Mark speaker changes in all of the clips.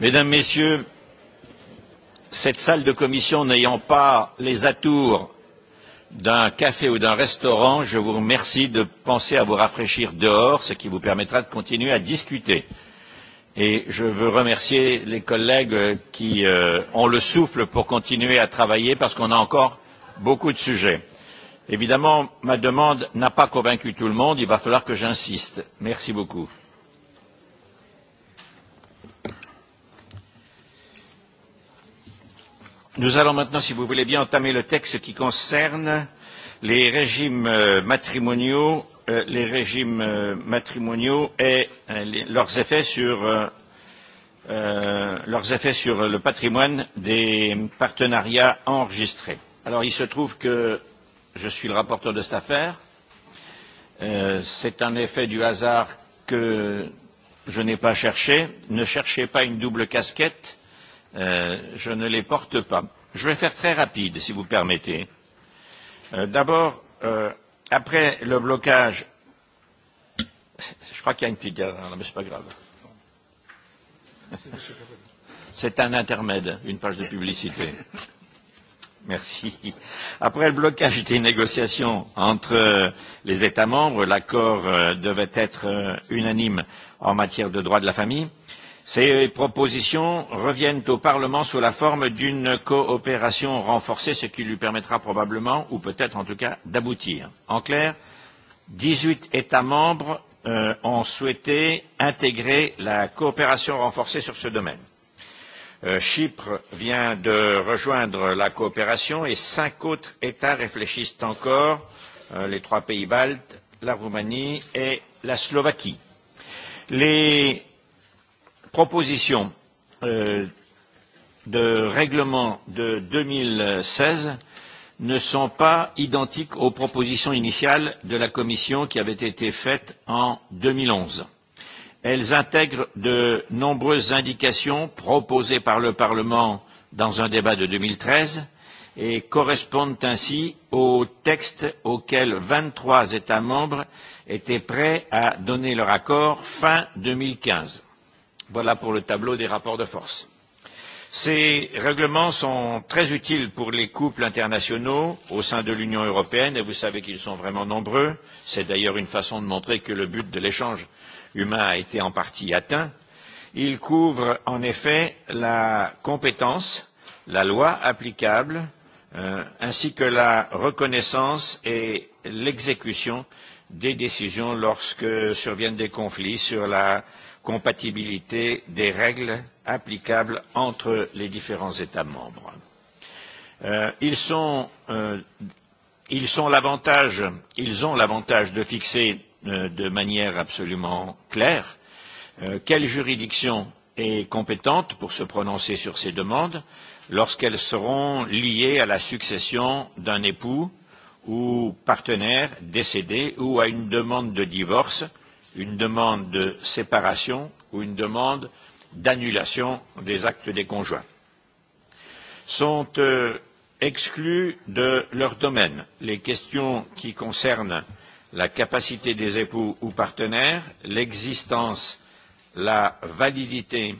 Speaker 1: Mesdames, Messieurs, cette salle de commission n'ayant pas les atours d'un café ou d'un restaurant, je vous remercie de penser à vous rafraîchir dehors, ce qui vous permettra de continuer à discuter. Et je veux remercier les collègues qui euh, ont le souffle pour continuer à travailler parce qu'on a encore beaucoup de sujets. Évidemment, ma demande n'a pas convaincu tout le monde, il va falloir que j'insiste. Merci beaucoup. Nous allons maintenant, si vous voulez bien, entamer le texte qui concerne les régimes euh, matrimoniaux, euh, les régimes euh, matrimoniaux et leurs effets sur euh, leurs effets sur le patrimoine des partenariats enregistrés. Alors il se trouve que je suis le rapporteur de cette affaire. Euh, C'est un effet du hasard que je n'ai pas cherché. Ne cherchez pas une double casquette Euh, je ne les porte pas. Je vais faire très rapide, si vous permettez. Euh, D'abord, euh, après le blocage, je crois qu'il y a une petite erreur là, mais ce n'est pas grave. C'est un intermède, une page de publicité. Merci. Après le blocage des négociations entre euh, les États membres, l'accord euh, devait être euh, unanime en matière de droit de la famille. Euh, Ces propositions reviennent au Parlement sous la forme d'une coopération renforcée, ce qui lui permettra probablement, ou peut-être en tout cas, d'aboutir. En clair, 18 États membres euh, ont souhaité intégrer la coopération renforcée sur ce domaine. Euh, Chypre vient de rejoindre la coopération et cinq autres États réfléchissent encore, euh, les trois pays baltes, la Roumanie et la Slovaquie. Les proposition euh, de règlement de 2016 ne sont pas identiques aux propositions initiales de la Commission qui avaient été faites en 2011. Elles intègrent de nombreuses indications proposées par le Parlement dans un débat de 2013 et correspondent ainsi au texte auquel 23 États membres étaient prêts à donner leur accord fin 2015. Voilà pour le tableau des rapports de force. Ces règlements sont très utiles pour les couples internationaux au sein de l'Union européenne et vous savez qu'ils sont vraiment nombreux. C'est d'ailleurs une façon de montrer que le but de l'échange humain a été en partie atteint. Il couvre en effet la compétence, la loi applicable, euh, ainsi que la reconnaissance et l'exécution des décisions lorsque surviennent des conflits sur la euh, compatibilité des règles applicables entre les différents États membres. Euh, ils sont, euh, ils sont l'avantage, ils ont l'avantage de fixer euh, de manière absolument claire euh, quelle juridiction est compétente pour se prononcer sur ces demandes lorsqu'elles seront liées à la succession d'un époux ou partenaire décédé ou à une demande de divorce euh, une demande de séparation ou une demande d'annulation des actes des conjoints. Sont euh, exclus de leur domaine les questions qui concernent la capacité des époux ou partenaires, l'existence, la validité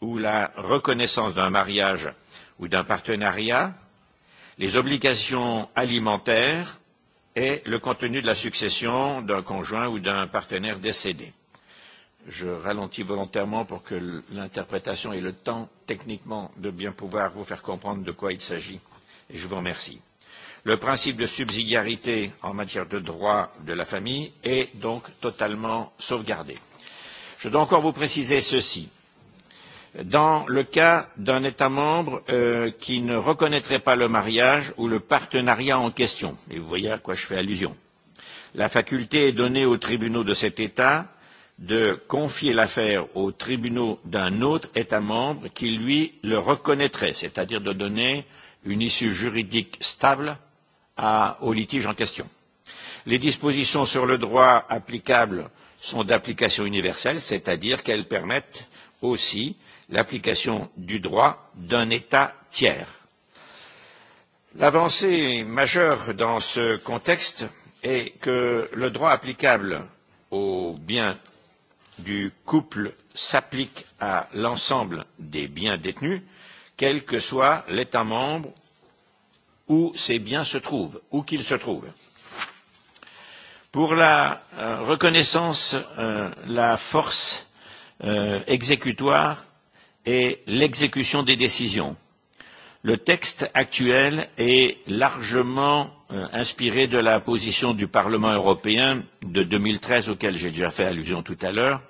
Speaker 1: ou la reconnaissance d'un mariage ou d'un partenariat, les obligations alimentaires, et le contenu de la succession d'un conjoint ou d'un partenaire décédé. Je ralentis volontairement pour que l'interprétation ait le temps techniquement de bien pouvoir vous faire comprendre de quoi il s'agit. Et je vous remercie. Le principe de subsidiarité en matière de droit de la famille est donc totalement sauvegardé. Je dois encore vous préciser ceci dans le cas d'un État membre euh, qui ne reconnaîtrait pas le mariage ou le partenariat en question. Et vous voyez à quoi je fais allusion. La faculté est donnée aux tribunaux de cet État de confier l'affaire aux tribunaux d'un autre État membre qui, lui, le reconnaîtrait, c'est-à-dire de donner une issue juridique stable à, au litige en question. Les dispositions sur le droit applicable sont d'application universelle, c'est-à-dire qu'elles permettent aussi l'application du droit d'un État tiers. L'avancée majeure dans ce contexte est que le droit applicable aux biens du couple s'applique à l'ensemble des biens détenus, quel que soit l'État membre où ces biens se trouvent, où qu'ils se trouvent. Pour la euh, reconnaissance, euh, la force euh, exécutoire et l'exécution des décisions. Le texte actuel est largement euh, inspiré de la position du Parlement européen de 2013 auquel j'ai déjà fait allusion tout à l'heure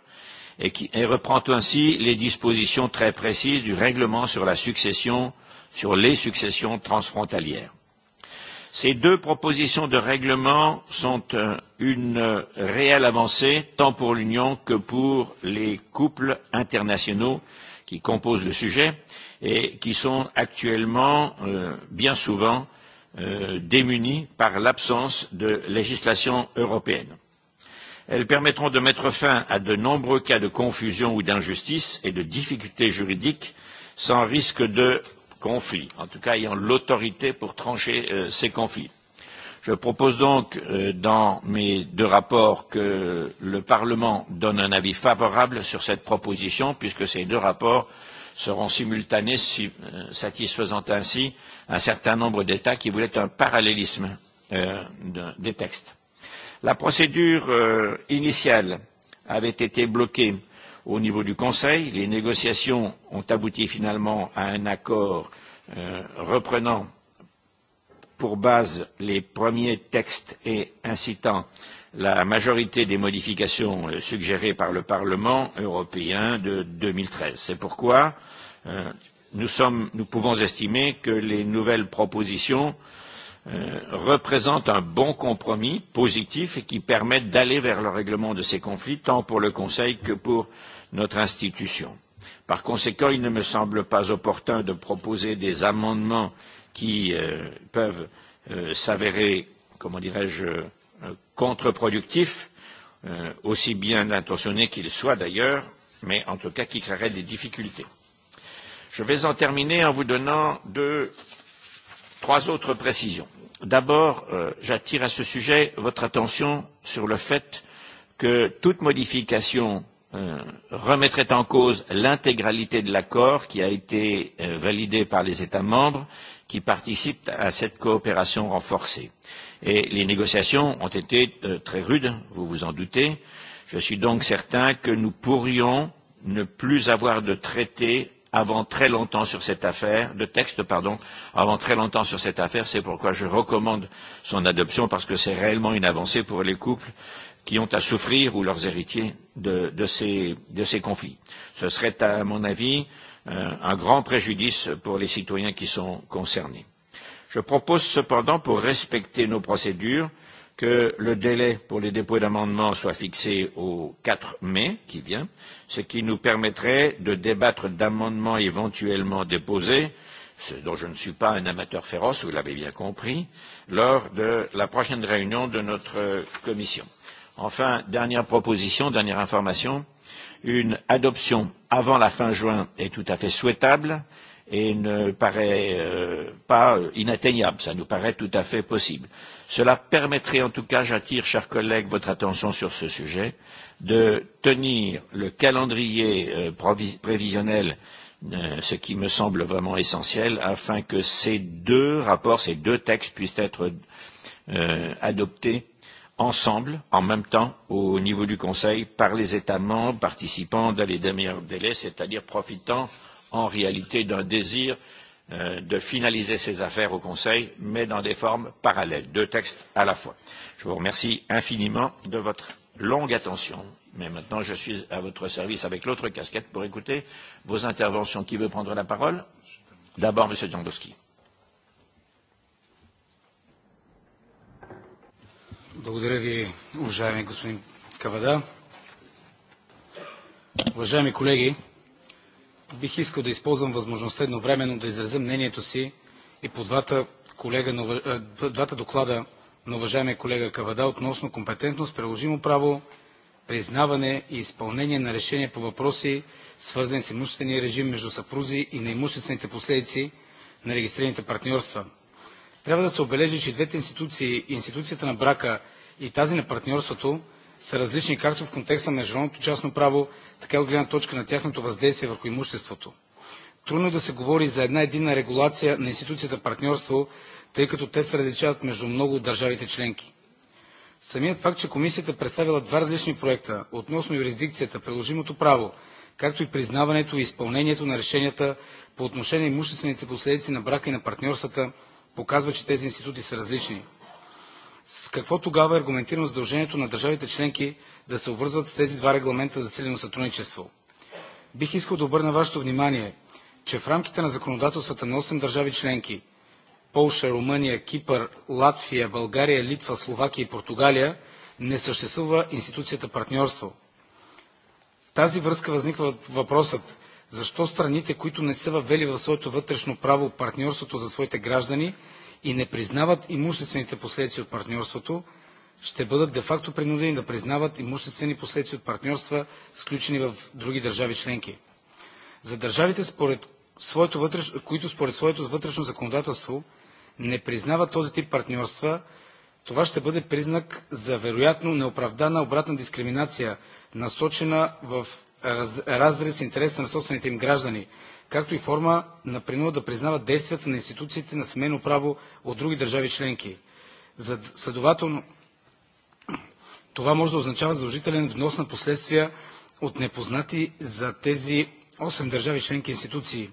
Speaker 1: et, qui, et reprend ainsi les dispositions très précises du règlement sur la succession, sur les successions transfrontalières. Ces deux propositions de règlement sont euh, une euh, réelle avancée, tant pour l'Union que pour les couples internationaux qui composent le sujet et qui sont actuellement euh, bien souvent euh, démunis par l'absence de législation européenne. Elles permettront de mettre fin à de nombreux cas de confusion ou d'injustice et de difficultés juridiques sans risque de conflits, en tout cas ayant l'autorité pour trancher euh, ces conflits. Je propose donc euh, dans mes deux rapports que le Parlement donne un avis favorable sur cette proposition, puisque ces deux rapports seront simultanés, si, euh, satisfaisant ainsi un certain nombre d'États qui voulaient un parallélisme euh, de, des textes. La procédure euh, initiale avait été bloquée au niveau du Conseil. Les négociations ont abouti finalement à un accord euh, reprenant pour base les premiers textes et incitant la majorité des modifications euh, suggérées par le Parlement européen de 2013. C'est pourquoi euh, nous, sommes, nous pouvons estimer que les nouvelles propositions euh, euh, représente un bon compromis positif et qui permet d'aller vers le règlement de ces conflits, tant pour le Conseil que pour notre institution. Par conséquent, il ne me semble pas opportun de proposer des amendements qui euh, peuvent euh, s'avérer, comment dirais-je, euh, contreproductifs, euh, aussi bien intentionnés qu'ils soient d'ailleurs, mais en tout cas qui créeraient des difficultés. Je vais en terminer en vous donnant deux Trois autres précisions. D'abord, euh, j'attire à ce sujet votre attention sur le fait que toute modification euh, remettrait en cause l'intégralité de l'accord qui a été euh, validé par les États membres qui participent à cette coopération renforcée. Et les négociations ont été euh, très rudes, vous vous en doutez. Je suis donc certain que nous pourrions ne plus avoir de traité avant très longtemps sur cette affaire, de texte, pardon, avant très longtemps sur cette affaire. C'est pourquoi je recommande son adoption parce que c'est réellement une avancée pour les couples qui ont à souffrir ou leurs héritiers de, de, ces, de ces conflits. Ce serait, à mon avis, euh, un grand préjudice pour les citoyens qui sont concernés. Je propose cependant, pour respecter nos procédures, euh, que le délai pour les dépôts d'amendements soit fixé au 4 mai qui vient, ce qui nous permettrait de débattre d'amendements éventuellement déposés, ce dont je ne suis pas un amateur féroce, vous l'avez bien compris, lors de la prochaine réunion de notre commission. Enfin, dernière proposition, dernière information, une adoption avant la fin juin est tout à fait souhaitable et ne paraît euh, pas euh, inatteignable, ça nous paraît tout à fait possible. Cela permettrait en tout cas, j'attire, chers collègues, votre attention sur ce sujet, de tenir le calendrier euh, prévisionnel, euh, ce qui me semble vraiment essentiel, afin que ces deux rapports, ces deux textes puissent être euh, adoptés ensemble, en même temps, au niveau du Conseil, par les États membres participants dans les meilleurs délais, c'est-à-dire profitant en réalité d'un désir euh, euh, de finaliser ces affaires au Conseil, mais dans des formes parallèles, deux textes à la fois. Je vous remercie infiniment de votre longue attention, mais maintenant je suis à votre service avec l'autre casquette pour écouter vos interventions. Qui veut prendre la parole D'abord, Monsieur Djambowski.
Speaker 2: Благодаря ви, уважаеми господин Кавада. Уважаеми колеги, бих искал да използвам възможността едновременно да изразя мнението си и по двата, колега, двата доклада на уважаемия колега Кавада относно компетентност, приложимо право, признаване и изпълнение на решения по въпроси, свързани с имуществения режим между съпрузи и на имуществените последици на регистрираните партньорства. Трябва да се обележи, че двете институции, институцията на брака и тази на партньорството, са различни както в контекста на международното частно право, така и от гледна точка на тяхното въздействие върху имуществото. Трудно е да се говори за една единна регулация на институцията партньорство, тъй като те се различават между много от държавите членки. Самият факт, че комисията представила два различни проекта относно юрисдикцията, приложимото право, както и признаването и изпълнението на решенията по отношение на имуществените последици на брака и на партньорствата, показва, че тези институти са различни. С какво тогава е аргументирано задължението на държавите членки да се обвързват с тези два регламента за засилено сътрудничество? Бих искал да обърна вашето внимание, че в рамките на законодателствата на 8 държави членки – Полша, Румъния, Кипър, Латвия, България, Литва, Словакия и Португалия, не съществува институцията партньорство. В тази връзка възниква въпросът – защо страните, които не са въвели в своето вътрешно право партньорството за своите граждани, и не признават имуществените последици от партньорството, ще бъдат де-факто принудени да признават имуществени последици от партньорства, сключени в други държави членки. За държавите, според своето вътреш... които според своето вътрешно законодателство не признават този тип партньорства, това ще бъде признак за вероятно неоправдана обратна дискриминация, насочена в раз, разрез с интереса на собствените им граждани, както и форма на принуда да признават действията на институциите на семейно право от други държави членки. Следователно, това може да означава задължителен внос на последствия от непознати за тези 8 държави членки институции.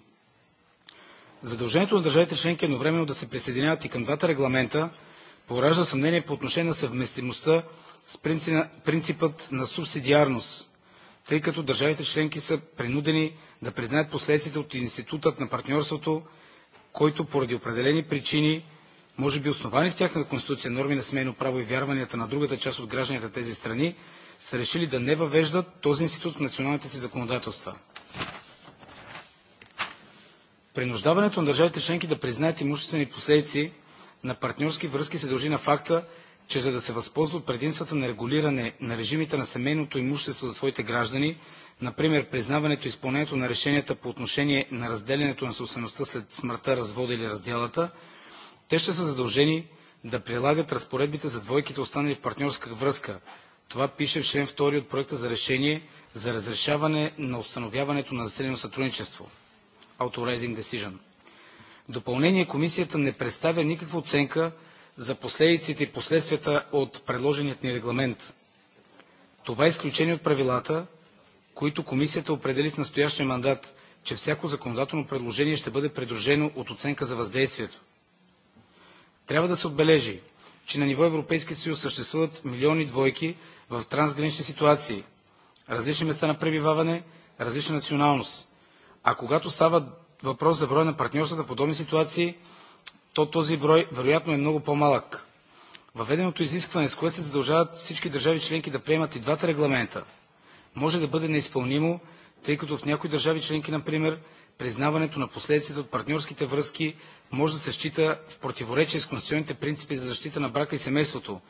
Speaker 2: Задължението на държавите членки едновременно да се присъединяват и към двата регламента поражда съмнение по отношение на съвместимостта с принципът на субсидиарност тъй като държавите членки са принудени да признаят последствията от институтът на партньорството, който поради определени причини, може би основани в тяхната конституция норми на семейно право и вярванията на другата част от гражданите на тези страни, са решили да не въвеждат този институт в националните си законодателства. Принуждаването на държавите членки да признаят имуществени последици на партньорски връзки се дължи на факта, че за да се възползва от предимствата на регулиране на режимите на семейното имущество за своите граждани, например признаването и изпълнението на решенията по отношение на разделянето на собствеността след смъртта, развода или раздялата, те ще са задължени да прилагат разпоредбите за двойките, останали в партньорска връзка. Това пише в член 2 от проекта за решение за разрешаване на установяването на заселено сътрудничество. Authorizing Decision. В допълнение, комисията не представя никаква оценка за последиците и последствията от предложеният ни регламент. Това е изключение от правилата, които комисията определи в настоящия мандат, че всяко законодателно предложение ще бъде придружено от оценка за въздействието. Трябва да се отбележи, че на ниво Европейски съюз съществуват милиони двойки в трансгранични ситуации, различни места на пребиваване, различна националност. А когато става въпрос за броя на партньорствата в подобни ситуации, то този брой вероятно е много по-малък. Въведеното изискване, с което се задължават всички държави членки да приемат и двата регламента, може да бъде неизпълнимо, тъй като в някои държави членки, например, признаването на последиците от партньорските връзки може да се счита в противоречие с конституционните принципи за защита на брака и семейството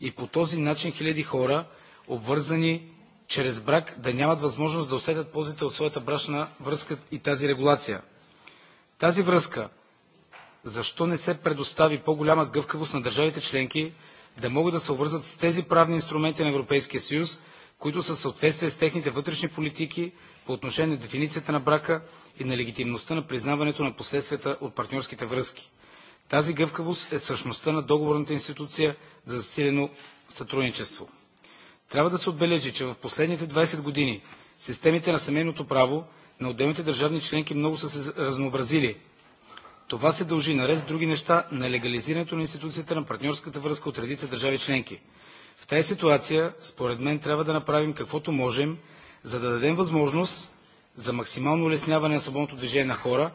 Speaker 2: и по този начин хиляди хора, обвързани чрез брак, да нямат възможност да усетят ползите от своята брачна връзка и тази регулация. Тази връзка – защо не се предостави по-голяма гъвкавост на държавите членки да могат да се обвързат с тези правни инструменти на Европейския съюз, които са в съответствие с техните вътрешни политики по отношение на дефиницията на брака и на легитимността на признаването на последствията от партньорските връзки. Тази гъвкавост е същността на договорната институция за засилено сътрудничество. Трябва да се отбележи, че в последните 20 години системите на семейното право на отделните държавни членки много са се разнообразили Това се дължи наред с други неща на легализирането на институцията на партньорската връзка от редица държави членки. В тази ситуация, според мен, трябва да направим каквото можем, за да дадем възможност за максимално улесняване на свободното движение на хора,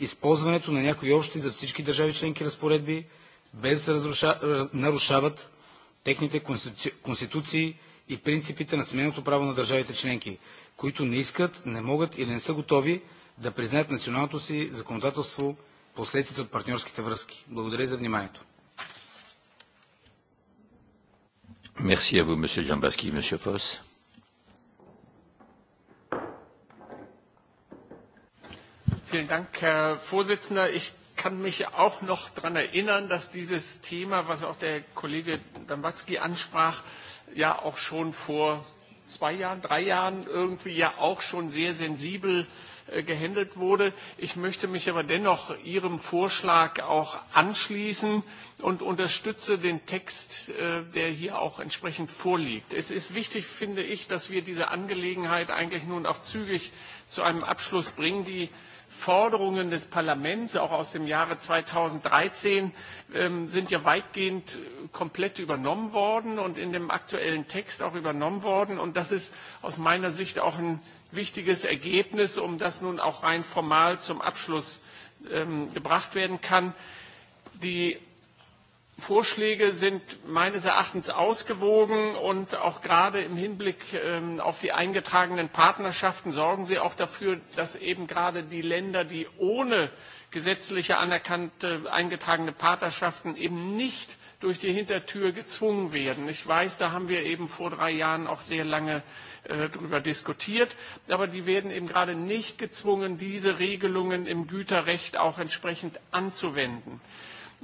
Speaker 2: използването на някои общи за всички държави членки разпоредби, без да разруша... нарушават техните конституци... конституции и принципите на семейното право на държавите членки, които не искат, не могат или не са готови да признаят националното си законодателство последствията от партньорските връзки. Благодаря за вниманието.
Speaker 1: Merci à vous, Monsieur Jambaski. Monsieur Foss.
Speaker 3: Vielen Dank, Herr Vorsitzender. Ich kann mich auch noch daran erinnern, dass dieses Thema, was auch der Kollege Dambatzki ansprach, ja auch schon vor zwei Jahren, drei Jahren irgendwie ja auch schon sehr sensibel äh, Äh, gehandelt wurde. Ich möchte mich aber dennoch Ihrem Vorschlag auch anschließen und unterstütze den Text, äh, der hier auch entsprechend vorliegt. Es ist wichtig, finde ich, dass wir diese Angelegenheit eigentlich nun auch zügig zu einem Abschluss bringen. Die Forderungen des Parlaments, auch aus dem Jahre 2013, ähm, sind ja weitgehend äh, komplett übernommen worden und in dem aktuellen Text auch übernommen worden. Und das ist aus meiner Sicht auch ein wichtiges Ergebnis, um das nun auch rein formal zum Abschluss ähm, gebracht werden kann. Die Vorschläge sind meines Erachtens ausgewogen und auch gerade im Hinblick ähm, auf die eingetragenen Partnerschaften sorgen sie auch dafür, dass eben gerade die Länder, die ohne gesetzliche anerkannte eingetragene Partnerschaften eben nicht durch die Hintertür gezwungen werden. Ich weiß, da haben wir eben vor drei Jahren auch sehr lange äh, darüber diskutiert, aber die werden eben gerade nicht gezwungen, diese Regelungen im Güterrecht auch entsprechend anzuwenden.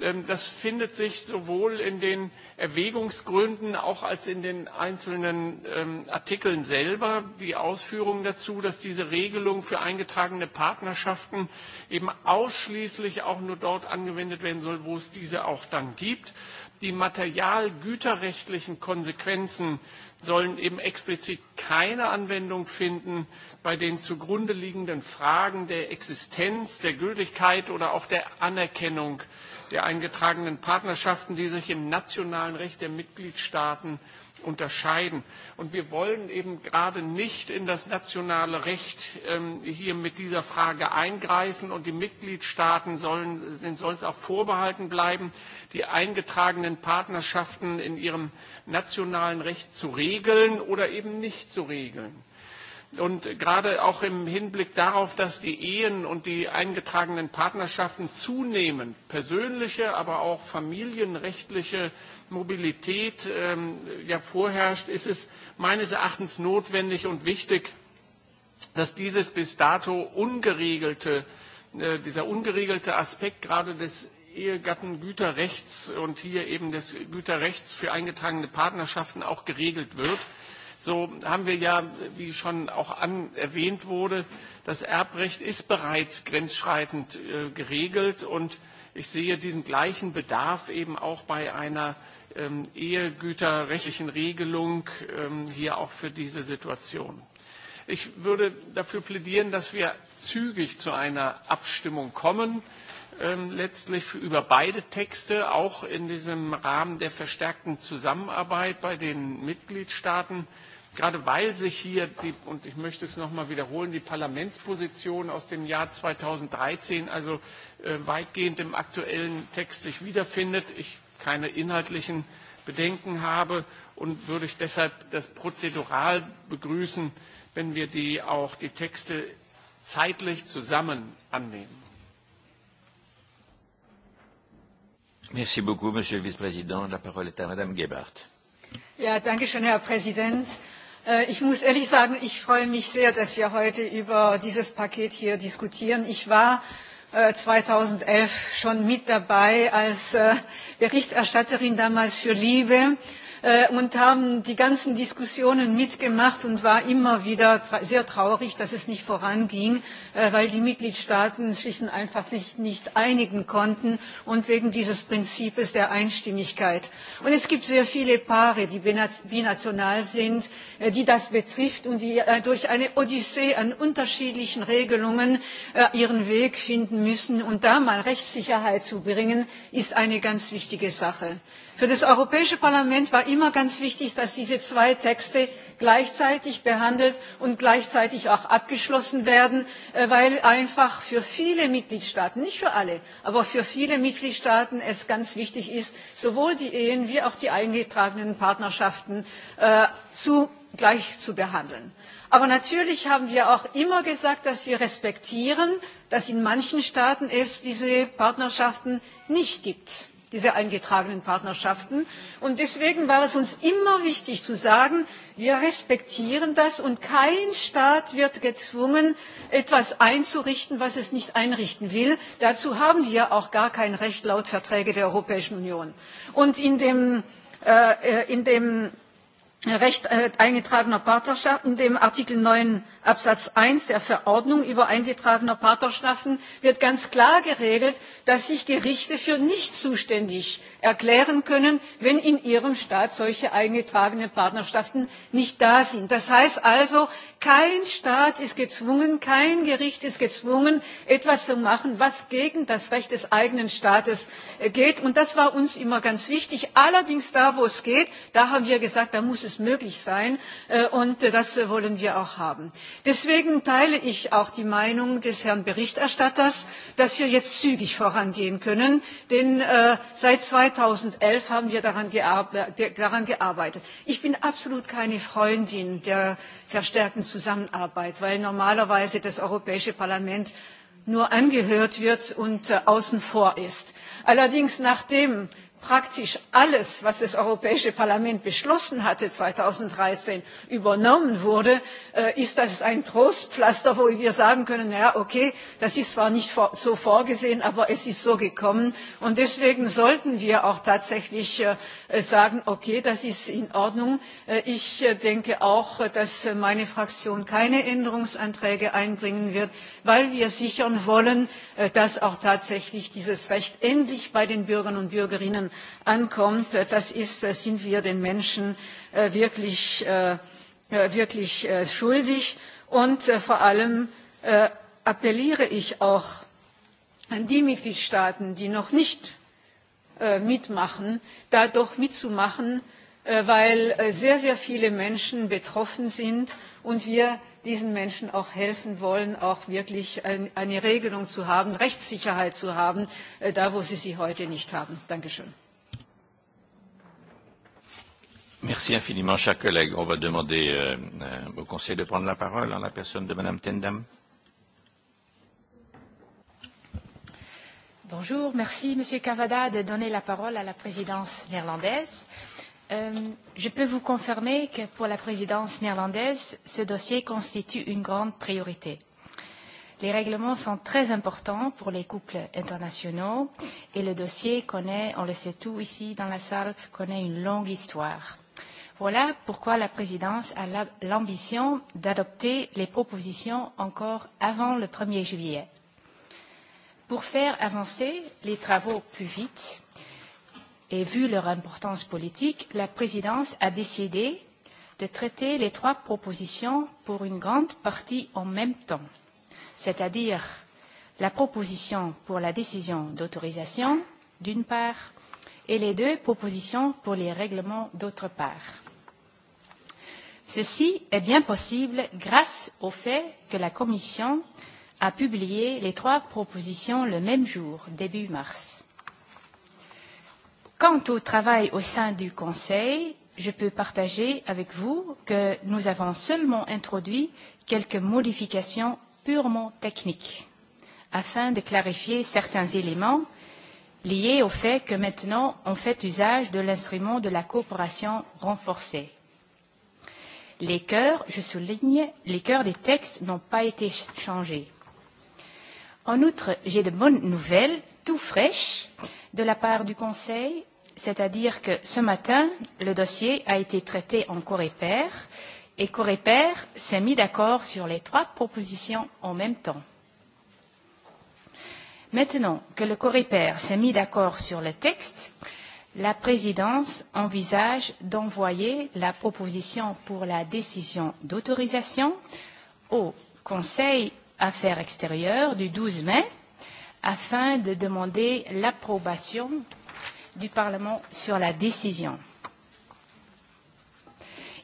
Speaker 3: Ähm, das findet sich sowohl in den Erwägungsgründen auch als in den einzelnen ähm, Artikeln selber die Ausführungen dazu, dass diese Regelung für eingetragene Partnerschaften eben ausschließlich auch nur dort angewendet werden soll, wo es diese auch dann gibt die materialgüterrechtlichen Konsequenzen sollen eben explizit keine Anwendung finden bei den zugrunde liegenden Fragen der Existenz, der Gültigkeit oder auch der Anerkennung der eingetragenen Partnerschaften, die sich im nationalen Recht der Mitgliedstaaten unterscheiden. Und wir wollen eben gerade nicht in das nationale Recht ähm, hier mit dieser Frage eingreifen. Und die Mitgliedstaaten sollen, denen soll es auch vorbehalten bleiben, die eingetragenen Partnerschaften in ihrem nationalen Recht zu regeln oder eben nicht zu regeln. Und gerade auch im Hinblick darauf, dass die Ehen und die eingetragenen Partnerschaften zunehmend persönliche, aber auch familienrechtliche Mobilität ähm, ja vorherrscht, ist es meines Erachtens notwendig und wichtig, dass dieses bis dato ungeregelte, äh, dieser ungeregelte Aspekt gerade des Ehegattengüterrechts und hier eben des Güterrechts für eingetragene Partnerschaften auch geregelt wird. So haben wir ja, wie schon auch an, erwähnt wurde, das Erbrecht ist bereits grenzschreitend äh, geregelt und äh, Ich sehe diesen gleichen Bedarf eben auch bei einer ähm, ehegüterrechtlichen Regelung ähm, hier auch für diese Situation. Ich würde dafür plädieren, dass wir zügig zu einer Abstimmung kommen, ähm, letztlich über beide Texte, auch in diesem Rahmen der verstärkten Zusammenarbeit bei den Mitgliedstaaten. Äh, gerade weil sich hier, die, und ich möchte es nochmal wiederholen, die Parlamentsposition aus dem Jahr 2013 also äh, weitgehend im aktuellen Text sich wiederfindet, ich keine inhaltlichen Bedenken habe und würde ich deshalb das prozedural begrüßen, wenn wir die, auch die Texte zeitlich zusammen annehmen.
Speaker 1: Merci beaucoup, Monsieur le Vice-président. La parole est à Madame Gebhardt.
Speaker 4: Ja, danke schön, Herr Präsident. Äh, ich muss ehrlich sagen, ich freue mich sehr, dass wir heute über dieses Paket hier diskutieren. Ich war 2011 äh, schon mit dabei als äh, Berichterstatterin damals für Liebe Äh, und haben die ganzen Diskussionen mitgemacht und war immer wieder sehr traurig, dass es nicht voranging, äh, weil die Mitgliedstaaten sich einfach sich nicht einigen konnten und wegen dieses Prinzips der Einstimmigkeit. Und es gibt sehr viele Paare, die binational sind, äh, die das betrifft und die durch eine Odyssee an unterschiedlichen Regelungen ihren Weg finden müssen. Und da mal Rechtssicherheit zu bringen, ist eine ganz wichtige Sache. Für das Europäische Parlament war immer ganz wichtig, dass diese zwei Texte gleichzeitig behandelt und gleichzeitig auch abgeschlossen werden, äh, weil einfach für viele Mitgliedstaaten, nicht für alle, aber für viele Mitgliedstaaten es ganz wichtig ist, sowohl die Ehen wie auch die eingetragenen Partnerschaften äh, zu, gleich zu behandeln. Aber natürlich haben wir auch immer gesagt, dass wir respektieren, dass in manchen Staaten es diese Partnerschaften nicht gibt diese eingetragenen partnerschaften. Und deswegen war es uns immer wichtig zu sagen wir respektieren das und kein staat wird gezwungen etwas einzurichten was er nicht einrichten will. dazu haben wir auch gar kein recht laut verträgen der europäischen union. und in dem, äh, äh in dem recht äh, eingetragener partnerschaften dem artikel neun absatz eins der verordnung über eingetragene partnerschaften wird ganz klar geregelt dass sich gerichte für nicht zuständig erklären können wenn in ihrem staat solche eingetragenen partnerschaften nicht da sind. das heißt also kein staat ist gezwungen kein gericht ist gezwungen etwas zu machen was gegen das recht des eigenen staates äh, geht und das war uns immer ganz wichtig. allerdings da wo es geht da haben wir gesagt da muss es möglich sein äh, und äh, das wollen wir auch haben. deswegen teile ich auch die meinung des herrn berichterstatters dass wir jetzt zügig vorangehen können denn seit zweitausendelf haben wir daran gearbeitet. ich bin absolut keine freundin der verstärkten Zusammenarbeit, weil normalerweise das Europäische Parlament nur angehört wird und äh, außen vor ist. Allerdings, nachdem praktisch alles was das europäische parlament beschlossen hatte zweitausenddreizehn übernommen wurde äh, ist das ein trostpflaster wo wir sagen können na ja okay das ist zwar nicht so vorgesehen aber es ist so gekommen und deswegen sollten wir auch tatsächlich äh, sagen okay das ist in ordnung. Äh, ich denke auch dass meine fraktion keine änderungsanträge einbringen wird weil wir sichern wollen dass auch tatsächlich dieses recht endlich bei den bürgern und bürgerinnen Menschen ankommt, äh, das ist, äh, sind wir den Menschen äh, wirklich, wirklich schuldig. Und vor allem appelliere ich auch an die Mitgliedstaaten, die noch nicht mitmachen, da doch mitzumachen, weil sehr, sehr viele Menschen betroffen sind und wir diesen Menschen auch helfen wollen, auch wirklich eine Regelung zu haben, Rechtssicherheit zu haben, äh, da wo sie sie heute nicht haben. Dankeschön.
Speaker 1: Merci infiniment, chers collègues. On va demander euh, euh, au Conseil de prendre la parole en la personne de Madame Tendam.
Speaker 5: Bonjour, merci Monsieur Cavada de donner la parole à la présidence néerlandaise. Euh, Euh, je peux vous confirmer que pour la présidence néerlandaise, ce dossier constitue une grande priorité. Les règlements sont très importants pour les couples internationaux et le dossier connaît, on le sait tout ici dans la salle, connaît une longue histoire. Voilà pourquoi la présidence a l'ambition d'adopter les propositions encore avant le 1er juillet. Pour faire avancer les travaux plus vite, et vu leur importance politique, la présidence a décidé de traiter les trois propositions pour une grande partie en même temps, c'est-à-dire la proposition pour la décision d'autorisation, d'une part, et les deux propositions pour les règlements, d'autre part. Ceci est bien possible grâce au fait que la Commission a publié les trois propositions le même jour, début mars. Quant au travail au sein du Conseil, je peux partager avec vous que nous avons seulement introduit quelques modifications purement techniques afin de clarifier certains éléments liés au fait que maintenant on fait usage de l'instrument de la coopération renforcée. Les cœurs, je souligne, les cœurs des textes n'ont pas été changés. En outre, j'ai de bonnes nouvelles tout fraîche de la part du Conseil, c'est-à-dire que ce matin, le dossier a été traité en Coreper et Coreper s'est mis d'accord sur les trois propositions en même temps. Maintenant que le Coreper s'est mis d'accord sur le texte, la présidence envisage d'envoyer la proposition pour la décision d'autorisation au Conseil Affaires extérieures du 12 mai afin de demander l'approbation du Parlement sur la décision.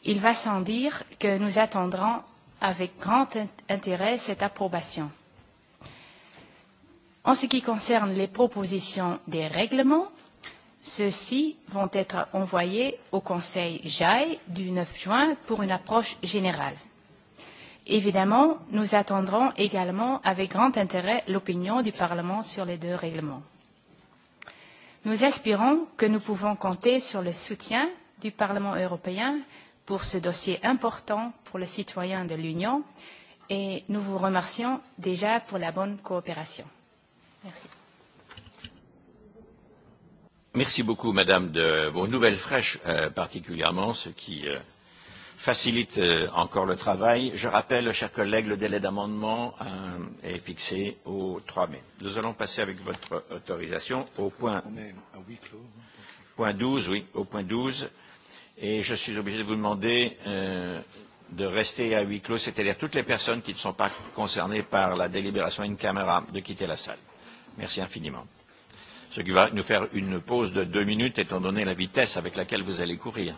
Speaker 5: Il va sans dire que nous attendrons avec grand intérêt cette approbation. En ce qui concerne les propositions des règlements, ceux-ci vont être envoyés au Conseil JAI du 9 juin pour une approche générale. Évidemment, nous attendrons également avec grand intérêt l'opinion du Parlement sur les deux règlements. Nous espérons que nous pouvons compter sur le soutien du Parlement européen pour ce dossier important pour les citoyens de l'Union et nous vous remercions déjà pour la bonne coopération. Merci.
Speaker 1: Merci beaucoup, Madame, de vos nouvelles fraîches, euh, particulièrement, ce qui euh, facilite euh, encore le travail. Je rappelle, chers collègues, le délai d'amendement euh, est fixé au 3 mai. Nous allons passer avec votre autorisation au point, point 12, oui, au point 12. Et je suis obligé de vous demander euh, de rester à huis clos, c'est-à-dire toutes les personnes qui ne sont pas concernées par la délibération in camera, de quitter la salle. Merci infiniment. Ce qui va nous faire une pause de deux minutes, étant donné la vitesse avec laquelle vous allez courir.